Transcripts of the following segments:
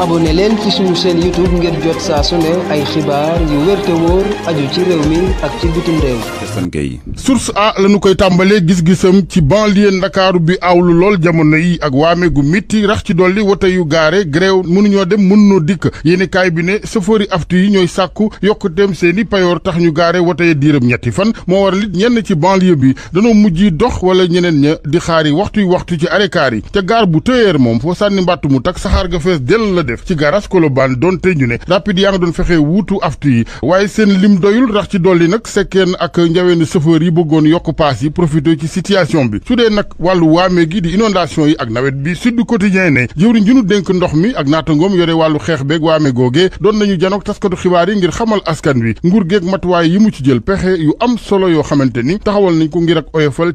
abonné leen ci suñu chaîne YouTube saa su ne ay xibaar yu wér te wóor aju a lañu koy tàmbalee gis-gisam ci banlieue ndakaaru bi awlu lool jamono yi ak waame gu mitti rax ci dolli wote yu gaare gréew mënuñoo dem mënuñoo dikk yéeni bi ne safari aftu yi ñooy sàkku yokkuteem seen i payoor tax ñu gaare wote ya diiram ñetti fan moo war lit ñenn ci banlieue bi danoo mujj dox wala ñeneen ña di xaari waxtu yu waxtu ci arekaar yi te gaar bu téyeer moom foo sànni mbàtt mu tak saxaar ga fees la def ci garage Colobane donte ñu ne rapide yaa nga doon fexe wuutu aftu yi waaye seen lim doyul rax ci dolli nag sekkeen ak njaweenu chauffeur yi bëggoon yokk paas yi profité ci situation bi su dee nag wàllu waame gi di inondation yi ak nawet bi Sud Quotidien ne jëwriñ ju dénk ndox mi ak naata naatangoom yore wàllu xeex beeg waame googee doon nañu janook taskatu xibaar yi ngir xamal askan wi nguur geeg matuwaay yi mu ci jël pexe yu am solo yoo xamante ni taxawal nañ ko ngir ak oyofal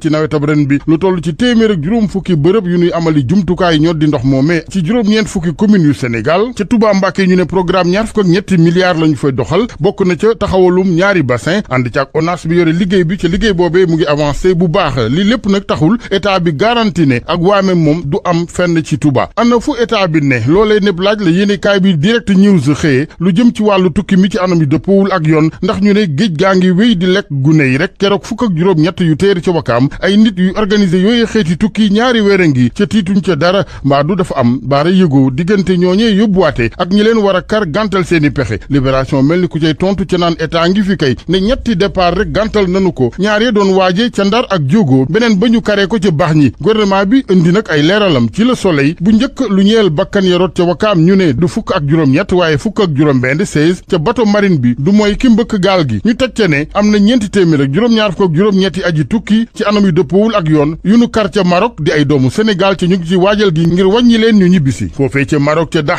bi lu toll ci téeméer ak juróom fukki bërëb yu nuy amali jumtukaay ñoo di ndox moomee ci juróom-ñeent fukki commune yu Sénégal Sénégal ca Touba Mbàkke ñu ne programme ñaar fukk ak ñetti milliards la ñu fay doxal bokk na ca taxawalum ñaari bassin ànd ca ak ONAS bi yore liggéey bi ca liggéey boobee mu ngi avancé bu baax li lépp nag taxul état bi garanti ne ak waame moom du am fenn ci Touba ana fu état bi ne loolee népp laaj la yéene kaay bi direct news xëyee lu jëm ci wàllu tukki mi ci anam yi dëppawul ak yoon ndax ñu ne géej gaa ngi wéy di lekk gune yi rek keroog fukk ak juróom ñett yu téer ca wakaam ay nit yu organisé yooyu xeeti tukki ñaari wéere ngi ca tiituñ ca dara mbaa du dafa am baara yëgoo diggante ñooñee dossier yu boité ak ñi leen war a kar gàntal seen i pexe libération mel ni ku cay tontu ca naan état ngi fi kay ne ñetti départ rek gàntal nanu ko ñaar ya doon waaje ca ndar ak jógoo beneen ba ñu karee ko ca baax ñi gouvernement bi indi ay leeralam ci le soleil bu njëkk lu ñeel bakkan ya rot ca wakaam ñu ne du fukk ak juróom-ñett waaye fukk ak juróom-benn seize ca bato marine bi du mooy ki mbëkk gaal gi ñu teg ca ne am na ñeenti téeméer ak juróom-ñaar fukk ak juróom tukki ci anam yu dëppawul yoon yu nu kar ca Maroc di ay doomu Sénégal ca ñu ngi gi ngir wàññi leen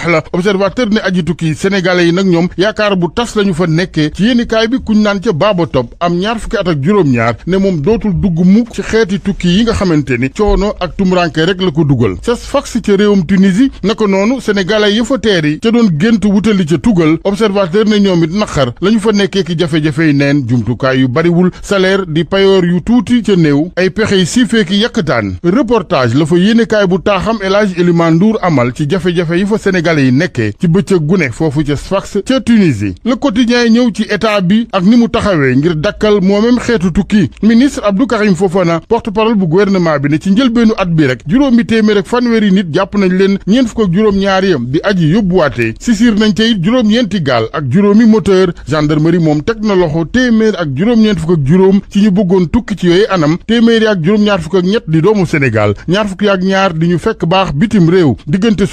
baax la observateur ne aji tukki sénégalais yi nag ñoom yaakaar bu tas lañu fa nekkee ci yéenikaay bi kuñ naan ca baaba topp am ñaar fukki at ak juróom-ñaar ne moom dootul dugg mu ci xeeti tukki yi nga xamante ni coono ak tumuranke rek la ko dugal ca fax ca réewum Tunisie naka noonu sénégalais yi fa teer yi ca doon gént wutali ca tugal observateur ne ñoom it naqar lañu fa nekkee ki jafe-jafey neen jumtukaay yu bariwul salaire di payoor yu tuuti ca néew ay pexey siifeeki yàkkataan reportage la fa yéenikaay bu taaxam El Hadj Elimane Ndour amal ci jafe yi fa Sénégal sénégalais yi nekkee ci bëccëg gune foofu ca Sfax ca Tunisie le quotidien ñëw ci état bi ak ni mu taxawee ngir dakkal moomeem xeetu tukki ministre Abdou Karim Fofana porte-parole bu gouvernement bi ne ci njëlbeenu at bi rek juróomi téeméer ak fanweeri nit jàpp nañ leen ñeent fukk ak juróom-ñaari yam di aji yóbbuwaatee sisir nañ ca it juróom-ñeenti gaal ak juróomi moteur gendarmerie moom teg na loxo téeméer ak juróom-ñeent fukk ak juróom ci ñu bëggoon tukki ci yooyu anam téeméeri ak juróom-ñaar fukk ak ñett di doomu Sénégal fukk ak ñaar ñu fekk baax bitim réew diggante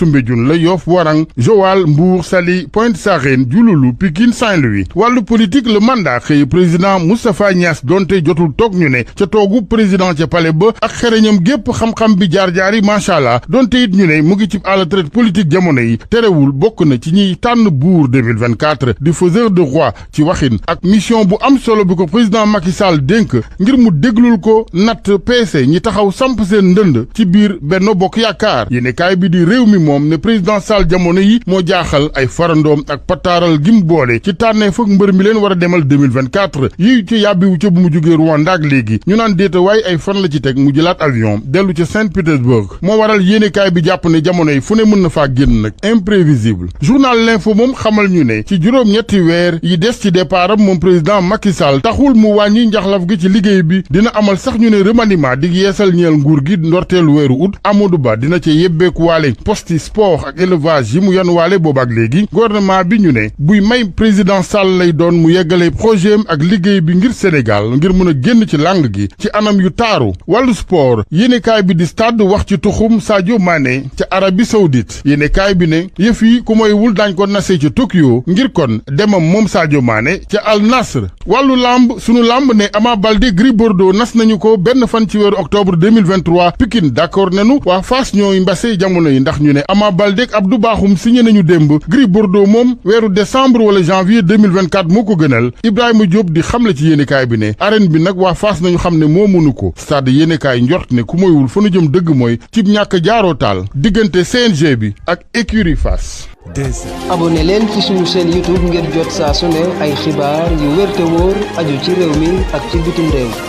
Karang Joal Mbour Saly Pointe Sarène Diouloulou Pikine Saint-Louis wàllu politique le mandat xëy président ñu ne ca toogu président ca palais ba ak xereñam gépp xam-xam bi jaar-jaari macha allah donte it ñu ne mu ngi ci à la traite jamono yi terewul bokk na ci ñiy tànn buur 2024 di faiseur de roi ci waxin ak mission bu am solo bi ko président Macky Sall dénk ngir mu déglul ko natt PC ñi taxaw samp seen ndënd ci biir Benno Bokk Yaakaar yéene kaay bi di réew mi moom ne président Sall jamono yi moo jaaxal ay farandoom ak pataaral gim boole ci tànneef ak mbër a demal 2024 la ci teg bi moom xamal ñu ne ci juróom-ñetti weer yi des ci départ moom président Macky taxul mu wàññi njaxlaf gi ci liggéey bi dina amal sax ñu ne remaniement di yeesal ñeel nguur gi ndorteelu weeru ut Amadou Ba dina ca yebbeekuwaale poste sport ak élevage charge mu yanuwaale boobaak léegi gouvernement bi ñu ne buy may président Sall lay doon mu yeggalee projet ak liggéey bi ngir Sénégal ngir mën a génn ci làng gi ci anam yu taaru wàllu sport yéenekaay bi di stade wax ci tuxum Sadio Mané ca Arabie Saoudite kaay bi ne yëf yi ku mooy wul daañ ko nase ci Tokyo ngir kon demam moom Sadio Mané ca Al Nassr wàllu làmb sunu làmb ne Ama Baldé Gris Bordeaux nas nañu ko benn fan ci weeru octobre 2023 Pikine d'accord nanu waa Fass ñooy mbase jamono yi ndax ñu ne Ama Baldé ak Abdou Bakhoum signé nañu démb Gris Bordeaux moom weeru décembre wala janvier 2024 moo ko gënal Ibrahima Diop di xamle ci yéenekaay bi ne arène bi nag waa Fass nañu xam ne moo mënu ko stade yéenekaay njort ne ku moywul fa jëm dëgg mooy cib ñàkk jaaroo taal diggante CNG bi ak écurie Fass 2 abonné leen ci suñu chaîne YouTube ngir jot saa ne ay xibaar yu wér te wóor aju ci réew mi ak ci bitim réew